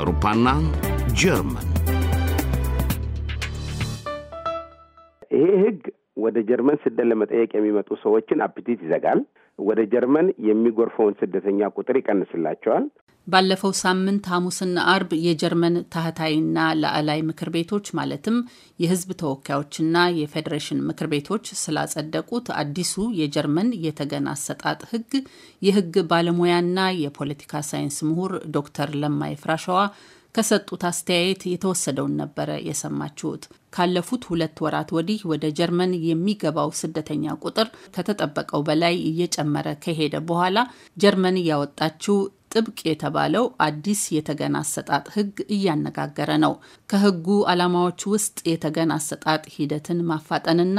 አውሮፓና ጀርመን ይሄ ህግ ወደ ጀርመን ስደት ለመጠየቅ የሚመጡ ሰዎችን አፕቲት ይዘጋል። ወደ ጀርመን የሚጎርፈውን ስደተኛ ቁጥር ይቀንስላቸዋል። ባለፈው ሳምንት ሐሙስና አርብ የጀርመን ታህታይና ላዕላይ ምክር ቤቶች ማለትም የህዝብ ተወካዮችና የፌዴሬሽን ምክር ቤቶች ስላጸደቁት አዲሱ የጀርመን የተገን አሰጣጥ ህግ የህግ ባለሙያና የፖለቲካ ሳይንስ ምሁር ዶክተር ለማይ ፍራሸዋ ከሰጡት አስተያየት የተወሰደውን ነበረ የሰማችሁት። ካለፉት ሁለት ወራት ወዲህ ወደ ጀርመን የሚገባው ስደተኛ ቁጥር ከተጠበቀው በላይ እየጨመረ ከሄደ በኋላ ጀርመን ያወጣችው ጥብቅ የተባለው አዲስ የተገን አሰጣጥ ህግ እያነጋገረ ነው። ከህጉ ዓላማዎች ውስጥ የተገን አሰጣጥ ሂደትን ማፋጠንና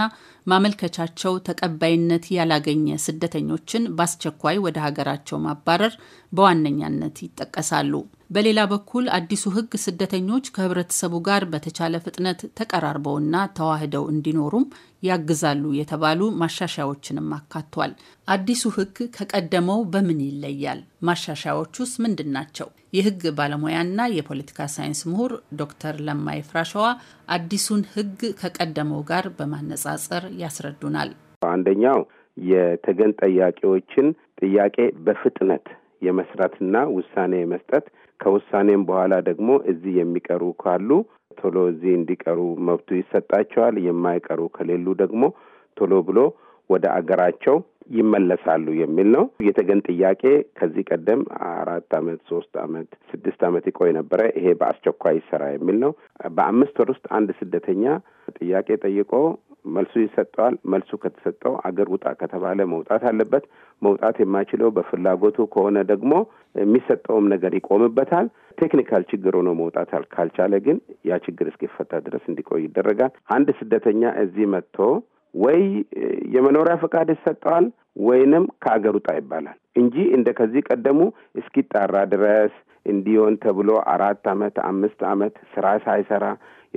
ማመልከቻቸው ተቀባይነት ያላገኘ ስደተኞችን በአስቸኳይ ወደ ሀገራቸው ማባረር በዋነኛነት ይጠቀሳሉ። በሌላ በኩል አዲሱ ሕግ ስደተኞች ከህብረተሰቡ ጋር በተቻለ ፍጥነት ተቀራርበውና ተዋህደው እንዲኖሩም ያግዛሉ የተባሉ ማሻሻያዎችንም አካቷል። አዲሱ ሕግ ከቀደመው በምን ይለያል? ማሻሻያዎቹስ ምንድን ናቸው? የህግ ባለሙያና የፖለቲካ ሳይንስ ምሁር ዶክተር ለማይ ፍራሸዋ አዲሱን ሕግ ከቀደመው ጋር በማነጻጸር ያስረዱናል። አንደኛው የተገን ጠያቂዎችን ጥያቄ በፍጥነት የመስራትና ውሳኔ የመስጠት ከውሳኔም በኋላ ደግሞ እዚህ የሚቀሩ ካሉ ቶሎ እዚህ እንዲቀሩ መብቱ ይሰጣቸዋል። የማይቀሩ ከሌሉ ደግሞ ቶሎ ብሎ ወደ አገራቸው ይመለሳሉ የሚል ነው። የተገን ጥያቄ ከዚህ ቀደም አራት አመት ሶስት አመት ስድስት አመት ይቆይ ነበረ። ይሄ በአስቸኳይ ይሰራ የሚል ነው። በአምስት ወር ውስጥ አንድ ስደተኛ ጥያቄ ጠይቆ መልሱ ይሰጠዋል። መልሱ ከተሰጠው አገር ውጣ ከተባለ መውጣት አለበት። መውጣት የማይችለው በፍላጎቱ ከሆነ ደግሞ የሚሰጠውም ነገር ይቆምበታል። ቴክኒካል ችግር ሆኖ መውጣት ካልቻለ ግን ያ ችግር እስኪፈታ ድረስ እንዲቆይ ይደረጋል። አንድ ስደተኛ እዚህ መጥቶ ወይ የመኖሪያ ፈቃድ ይሰጠዋል ወይንም ከአገር ውጣ ይባላል እንጂ እንደ ከዚህ ቀደሙ እስኪጣራ ድረስ እንዲሆን ተብሎ አራት አመት አምስት አመት ስራ ሳይሰራ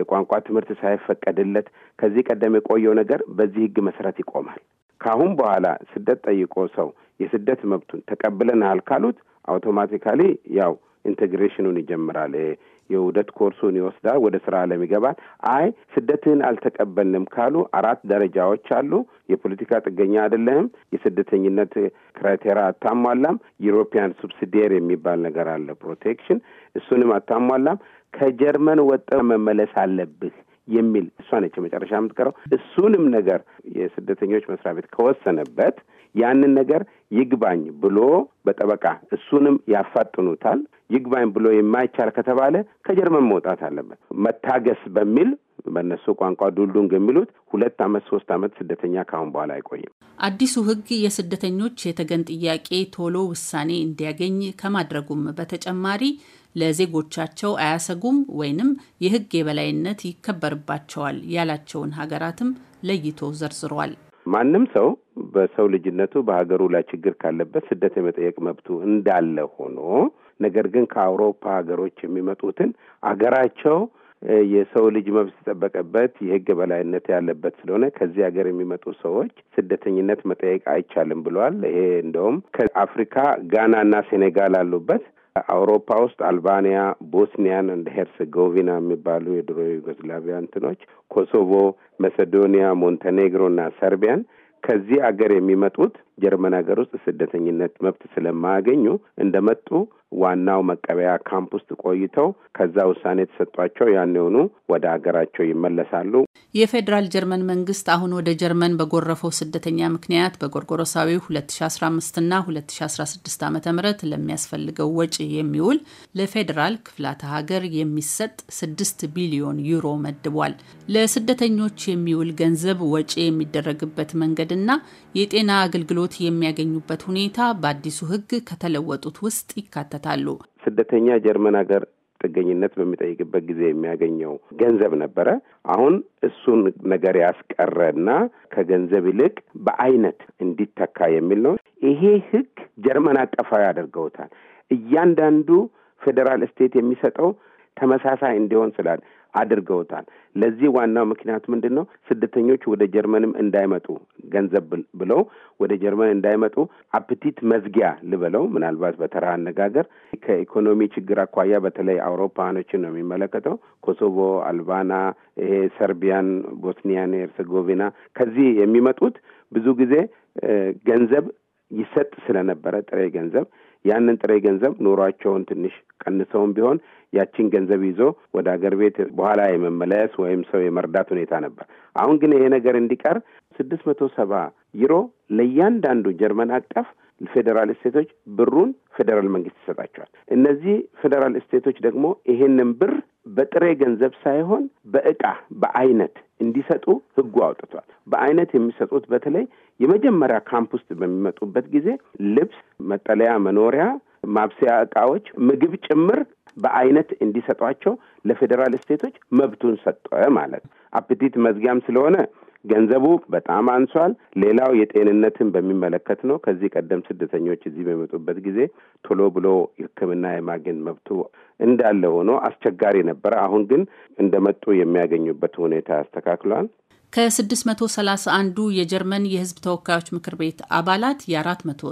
የቋንቋ ትምህርት ሳይፈቀድለት ከዚህ ቀደም የቆየው ነገር በዚህ ህግ መሰረት ይቆማል። ከአሁን በኋላ ስደት ጠይቆ ሰው የስደት መብቱን ተቀብለናል ካሉት አውቶማቲካሊ ያው ኢንቴግሬሽኑን ይጀምራል። የውደት ኮርሱን ይወስዳል። ወደ ስራ አለም ይገባል። አይ ስደትህን አልተቀበልንም ካሉ አራት ደረጃዎች አሉ። የፖለቲካ ጥገኛ አይደለህም፣ የስደተኝነት ክራይቴሪያ አታሟላም፣ ዩሮፒያን ሱብሲዲየር የሚባል ነገር አለ ፕሮቴክሽን፣ እሱንም አታሟላም ከጀርመን ወጠ መመለስ አለብህ የሚል እሷ ነች የመጨረሻ የምትቀረው። እሱንም ነገር የስደተኞች መስሪያ ቤት ከወሰነበት ያንን ነገር ይግባኝ ብሎ በጠበቃ እሱንም ያፋጥኑታል። ይግባኝ ብሎ የማይቻል ከተባለ ከጀርመን መውጣት አለበት። መታገስ በሚል በእነሱ ቋንቋ ዱልዱንግ የሚሉት ሁለት አመት ሶስት አመት ስደተኛ ካሁን በኋላ አይቆይም። አዲሱ ሕግ የስደተኞች የተገን ጥያቄ ቶሎ ውሳኔ እንዲያገኝ ከማድረጉም በተጨማሪ ለዜጎቻቸው አያሰጉም ወይንም የሕግ የበላይነት ይከበርባቸዋል ያላቸውን ሀገራትም ለይቶ ዘርዝሯል። ማንም ሰው በሰው ልጅነቱ በሀገሩ ላይ ችግር ካለበት ስደት የመጠየቅ መብቱ እንዳለ ሆኖ ነገር ግን ከአውሮፓ ሀገሮች የሚመጡትን አገራቸው የሰው ልጅ መብት የተጠበቀበት የህግ በላይነት ያለበት ስለሆነ ከዚህ ሀገር የሚመጡ ሰዎች ስደተኝነት መጠየቅ አይቻልም ብለዋል። ይሄ እንደውም ከአፍሪካ ጋና እና ሴኔጋል አሉበት። አውሮፓ ውስጥ አልባንያ፣ ቦስኒያን እንደ ሄርሴጎቪና የሚባሉ የድሮ ዩጎስላቪያ እንትኖች፣ ኮሶቮ፣ መሰዶኒያ፣ ሞንቴኔግሮ እና ሰርቢያን ከዚህ አገር የሚመጡት ጀርመን ሀገር ውስጥ ስደተኝነት መብት ስለማያገኙ እንደመጡ ዋናው መቀበያ ካምፕ ውስጥ ቆይተው ከዛ ውሳኔ የተሰጧቸው ያን የሆኑ ወደ ሀገራቸው ይመለሳሉ። የፌዴራል ጀርመን መንግስት አሁን ወደ ጀርመን በጎረፈው ስደተኛ ምክንያት በጎርጎሮሳዊ 2015 ና 2016 ዓ ም ለሚያስፈልገው ወጪ የሚውል ለፌዴራል ክፍላተ ሀገር የሚሰጥ 6 ቢሊዮን ዩሮ መድቧል። ለስደተኞች የሚውል ገንዘብ ወጪ የሚደረግበት መንገድና የጤና አገልግሎት አገልግሎት የሚያገኙበት ሁኔታ በአዲሱ ሕግ ከተለወጡት ውስጥ ይካተታሉ። ስደተኛ ጀርመን ሀገር ጥገኝነት በሚጠይቅበት ጊዜ የሚያገኘው ገንዘብ ነበረ። አሁን እሱን ነገር ያስቀረ እና ከገንዘብ ይልቅ በአይነት እንዲተካ የሚል ነው። ይሄ ህግ ጀርመን አቀፋዊ ያደርገውታል። እያንዳንዱ ፌዴራል ስቴት የሚሰጠው ተመሳሳይ እንዲሆን ስላለ አድርገውታል። ለዚህ ዋናው ምክንያት ምንድን ነው? ስደተኞች ወደ ጀርመንም እንዳይመጡ ገንዘብ ብለው ወደ ጀርመን እንዳይመጡ አፕቲት መዝጊያ ልበለው፣ ምናልባት በተራ አነጋገር ከኢኮኖሚ ችግር አኳያ በተለይ አውሮፓኖችን ነው የሚመለከተው። ኮሶቮ፣ አልባና፣ ይሄ ሰርቢያን፣ ቦስኒያን ኤርሴጎቪና ከዚህ የሚመጡት ብዙ ጊዜ ገንዘብ ይሰጥ ስለነበረ ጥሬ ገንዘብ ያንን ጥሬ ገንዘብ ኑሯቸውን ትንሽ ቀንሰውም ቢሆን ያችን ገንዘብ ይዞ ወደ አገር ቤት በኋላ የመመለስ ወይም ሰው የመርዳት ሁኔታ ነበር። አሁን ግን ይሄ ነገር እንዲቀር ስድስት መቶ ሰባ ዩሮ ለእያንዳንዱ ጀርመን አቀፍ ፌዴራል ስቴቶች ብሩን ፌዴራል መንግስት ይሰጣቸዋል። እነዚህ ፌዴራል ስቴቶች ደግሞ ይሄንን ብር በጥሬ ገንዘብ ሳይሆን በእቃ በአይነት እንዲሰጡ ህጉ አውጥቷል። በአይነት የሚሰጡት በተለይ የመጀመሪያ ካምፕ ውስጥ በሚመጡበት ጊዜ ልብስ፣ መጠለያ፣ መኖሪያ፣ ማብሰያ እቃዎች፣ ምግብ ጭምር በአይነት እንዲሰጧቸው ለፌዴራል ስቴቶች መብቱን ሰጠ ማለት ነው። አፕቲት መዝጊያም ስለሆነ ገንዘቡ በጣም አንሷል። ሌላው የጤንነትን በሚመለከት ነው። ከዚህ ቀደም ስደተኞች እዚህ በመጡበት ጊዜ ቶሎ ብሎ ሕክምና የማግኘት መብቱ እንዳለ ሆኖ አስቸጋሪ ነበረ። አሁን ግን እንደመጡ የሚያገኙበት ሁኔታ አስተካክሏል መቶ ሰላሳ አንዱ የጀርመን የህዝብ ተወካዮች ምክር ቤት አባላት የ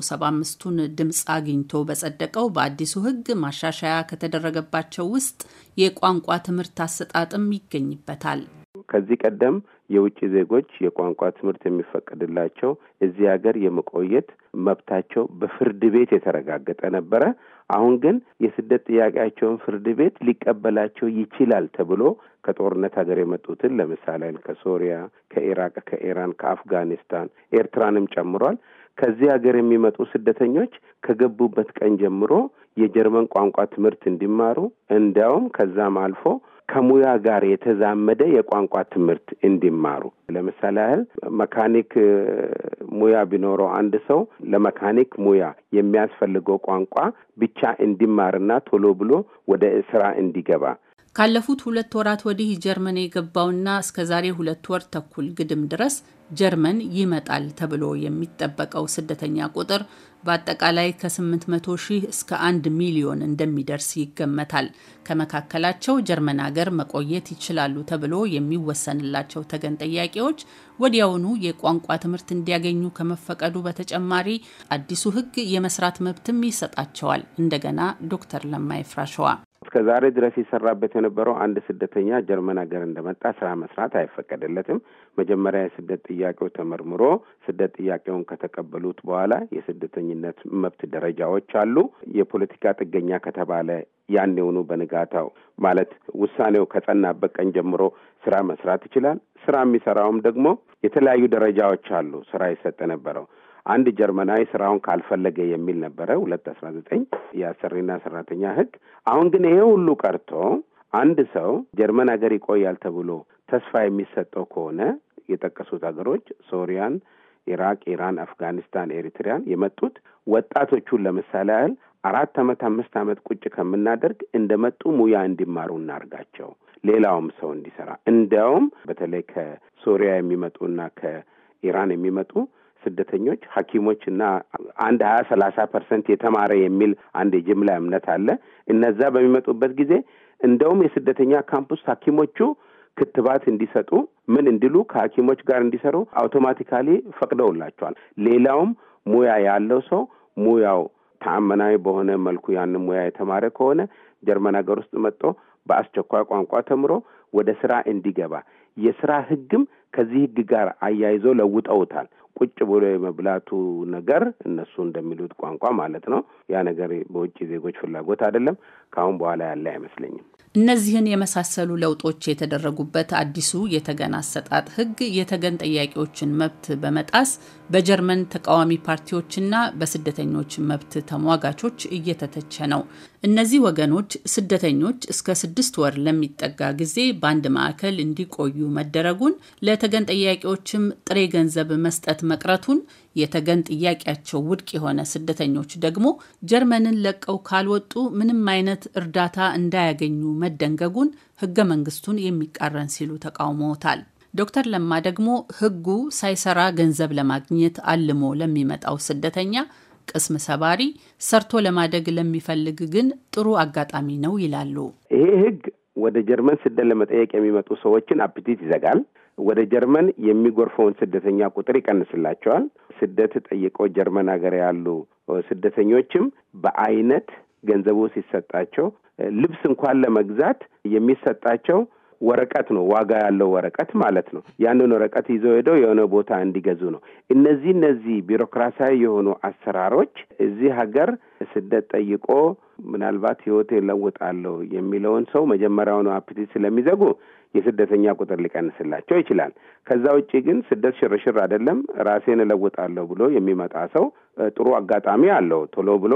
ሰባ አምስቱን ድምፅ አግኝቶ በጸደቀው በአዲሱ ህግ ማሻሻያ ከተደረገባቸው ውስጥ የቋንቋ ትምህርት አሰጣጥም ይገኝበታል። ከዚህ ቀደም የውጭ ዜጎች የቋንቋ ትምህርት የሚፈቀድላቸው እዚህ ሀገር የመቆየት መብታቸው በፍርድ ቤት የተረጋገጠ ነበረ። አሁን ግን የስደት ጥያቄያቸውን ፍርድ ቤት ሊቀበላቸው ይችላል ተብሎ ከጦርነት ሀገር የመጡትን ለምሳሌ ከሶሪያ፣ ከኢራቅ፣ ከኢራን፣ ከአፍጋኒስታን ኤርትራንም ጨምሯል። ከዚህ ሀገር የሚመጡ ስደተኞች ከገቡበት ቀን ጀምሮ የጀርመን ቋንቋ ትምህርት እንዲማሩ እንዲያውም ከዛም አልፎ ከሙያ ጋር የተዛመደ የቋንቋ ትምህርት እንዲማሩ። ለምሳሌ ያህል መካኒክ ሙያ ቢኖረው አንድ ሰው ለመካኒክ ሙያ የሚያስፈልገው ቋንቋ ብቻ እንዲማርና ቶሎ ብሎ ወደ ስራ እንዲገባ ካለፉት ሁለት ወራት ወዲህ ጀርመን የገባውና እስከ ዛሬ ሁለት ወር ተኩል ግድም ድረስ ጀርመን ይመጣል ተብሎ የሚጠበቀው ስደተኛ ቁጥር በአጠቃላይ ከ800 ሺህ እስከ 1 ሚሊዮን እንደሚደርስ ይገመታል። ከመካከላቸው ጀርመን አገር መቆየት ይችላሉ ተብሎ የሚወሰንላቸው ተገን ጠያቂዎች ወዲያውኑ የቋንቋ ትምህርት እንዲያገኙ ከመፈቀዱ በተጨማሪ አዲሱ ሕግ የመስራት መብትም ይሰጣቸዋል። እንደገና ዶክተር ለማይ ፍራሸዋ እስከ ዛሬ ድረስ የሰራበት የነበረው አንድ ስደተኛ ጀርመን ሀገር እንደመጣ ስራ መስራት አይፈቀደለትም። መጀመሪያ የስደት ጥያቄው ተመርምሮ ስደት ጥያቄውን ከተቀበሉት በኋላ የስደተኝነት መብት ደረጃዎች አሉ። የፖለቲካ ጥገኛ ከተባለ ያኔውኑ በንጋታው ማለት ውሳኔው ከጸናበት ቀን ጀምሮ ስራ መስራት ይችላል። ስራ የሚሰራውም ደግሞ የተለያዩ ደረጃዎች አሉ። ስራ ይሰጥ ነበረው አንድ ጀርመናዊ ስራውን ካልፈለገ የሚል ነበረ ሁለት አስራ ዘጠኝ የአሰሪና ሰራተኛ ህግ። አሁን ግን ይሄ ሁሉ ቀርቶ አንድ ሰው ጀርመን ሀገር ይቆያል ተብሎ ተስፋ የሚሰጠው ከሆነ የጠቀሱት ሀገሮች ሶሪያን፣ ኢራቅ፣ ኢራን፣ አፍጋኒስታን፣ ኤሪትሪያን የመጡት ወጣቶቹን ለምሳሌ ያህል አራት አመት አምስት አመት ቁጭ ከምናደርግ እንደ መጡ ሙያ እንዲማሩ እናርጋቸው፣ ሌላውም ሰው እንዲሰራ። እንዲያውም በተለይ ከሶሪያ የሚመጡና ከኢራን የሚመጡ ስደተኞች ሐኪሞች እና አንድ ሀያ ሰላሳ ፐርሰንት የተማረ የሚል አንድ የጅምላ እምነት አለ። እነዛ በሚመጡበት ጊዜ እንደውም የስደተኛ ካምፕ ውስጥ ሐኪሞቹ ክትባት እንዲሰጡ ምን እንዲሉ ከሐኪሞች ጋር እንዲሰሩ አውቶማቲካሊ ፈቅደውላቸዋል። ሌላውም ሙያ ያለው ሰው ሙያው ተአመናዊ በሆነ መልኩ ያንን ሙያ የተማረ ከሆነ ጀርመን ሀገር ውስጥ መጥቶ በአስቸኳይ ቋንቋ ተምሮ ወደ ስራ እንዲገባ የስራ ህግም ከዚህ ህግ ጋር አያይዞ ለውጠውታል። ቁጭ ብሎ የመብላቱ ነገር እነሱ እንደሚሉት ቋንቋ ማለት ነው። ያ ነገር በውጭ ዜጎች ፍላጎት አይደለም፣ ከአሁን በኋላ ያለ አይመስለኝም። እነዚህን የመሳሰሉ ለውጦች የተደረጉበት አዲሱ የተገን አሰጣጥ ህግ የተገን ጠያቂዎችን መብት በመጣስ በጀርመን ተቃዋሚ ፓርቲዎችና በስደተኞች መብት ተሟጋቾች እየተተቸ ነው። እነዚህ ወገኖች ስደተኞች እስከ ስድስት ወር ለሚጠጋ ጊዜ በአንድ ማዕከል እንዲቆዩ መደረጉን፣ ለተገን ጠያቂዎችም ጥሬ ገንዘብ መስጠት መቅረቱን፣ የተገን ጥያቄያቸው ውድቅ የሆነ ስደተኞች ደግሞ ጀርመንን ለቀው ካልወጡ ምንም አይነት እርዳታ እንዳያገኙ መደንገጉን ህገ መንግስቱን የሚቃረን ሲሉ ተቃውመውታል። ዶክተር ለማ ደግሞ ህጉ ሳይሰራ ገንዘብ ለማግኘት አልሞ ለሚመጣው ስደተኛ ቅስም ሰባሪ፣ ሰርቶ ለማደግ ለሚፈልግ ግን ጥሩ አጋጣሚ ነው ይላሉ። ይሄ ህግ ወደ ጀርመን ስደት ለመጠየቅ የሚመጡ ሰዎችን አፕቲት ይዘጋል። ወደ ጀርመን የሚጎርፈውን ስደተኛ ቁጥር ይቀንስላቸዋል። ስደት ጠይቀው ጀርመን ሀገር ያሉ ስደተኞችም በአይነት ገንዘቡ ሲሰጣቸው ልብስ እንኳን ለመግዛት የሚሰጣቸው ወረቀት ነው፣ ዋጋ ያለው ወረቀት ማለት ነው። ያንን ወረቀት ይዘው ሄደው የሆነ ቦታ እንዲገዙ ነው። እነዚህ እነዚህ ቢሮክራሲያዊ የሆኑ አሰራሮች እዚህ ሀገር ስደት ጠይቆ ምናልባት ህይወት ለውጣለሁ የሚለውን ሰው መጀመሪያውኑ አፕቲት ስለሚዘጉ የስደተኛ ቁጥር ሊቀንስላቸው ይችላል። ከዛ ውጭ ግን ስደት ሽርሽር አይደለም። ራሴን እለውጣለሁ ብሎ የሚመጣ ሰው ጥሩ አጋጣሚ አለው ቶሎ ብሎ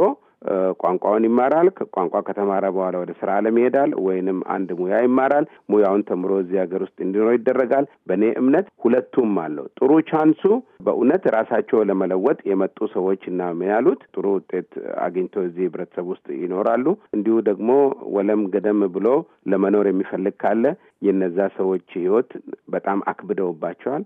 ቋንቋውን ይማራል። ቋንቋ ከተማረ በኋላ ወደ ስራ አለም ይሄዳል፣ ወይንም አንድ ሙያ ይማራል። ሙያውን ተምሮ እዚህ ሀገር ውስጥ እንዲኖር ይደረጋል። በእኔ እምነት ሁለቱም አለው። ጥሩ ቻንሱ በእውነት ራሳቸው ለመለወጥ የመጡ ሰዎች እና ምን ያሉት ጥሩ ውጤት አግኝቶ እዚህ ህብረተሰብ ውስጥ ይኖራሉ። እንዲሁ ደግሞ ወለም ገደም ብሎ ለመኖር የሚፈልግ ካለ የነዛ ሰዎች ህይወት በጣም አክብደውባቸዋል።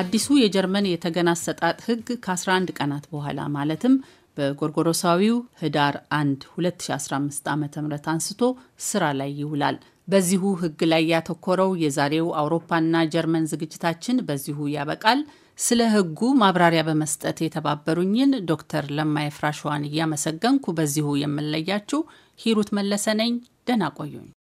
አዲሱ የጀርመን የተገና አሰጣጥ ህግ ከ11 ቀናት በኋላ ማለትም በጎርጎሮሳዊው ህዳር 1 2015 ዓ ም አንስቶ ስራ ላይ ይውላል። በዚሁ ህግ ላይ ያተኮረው የዛሬው አውሮፓና ጀርመን ዝግጅታችን በዚሁ ያበቃል። ስለ ህጉ ማብራሪያ በመስጠት የተባበሩኝን ዶክተር ለማየ ፍራሸዋን እያመሰገንኩ በዚሁ የምለያችሁ ሂሩት መለሰ ነኝ። ደህና ቆዩኝ።